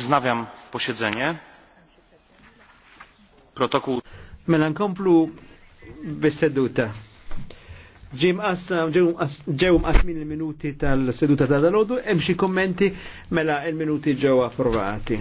Wznawiam posiedzenie. Protokół. Mela nkomplu bis-seduta. Ġim ġewm għasmin il-minuti tal-seduta tal-dalodu ħodu hemm xi kommenti mela il-minuti ġew approvati.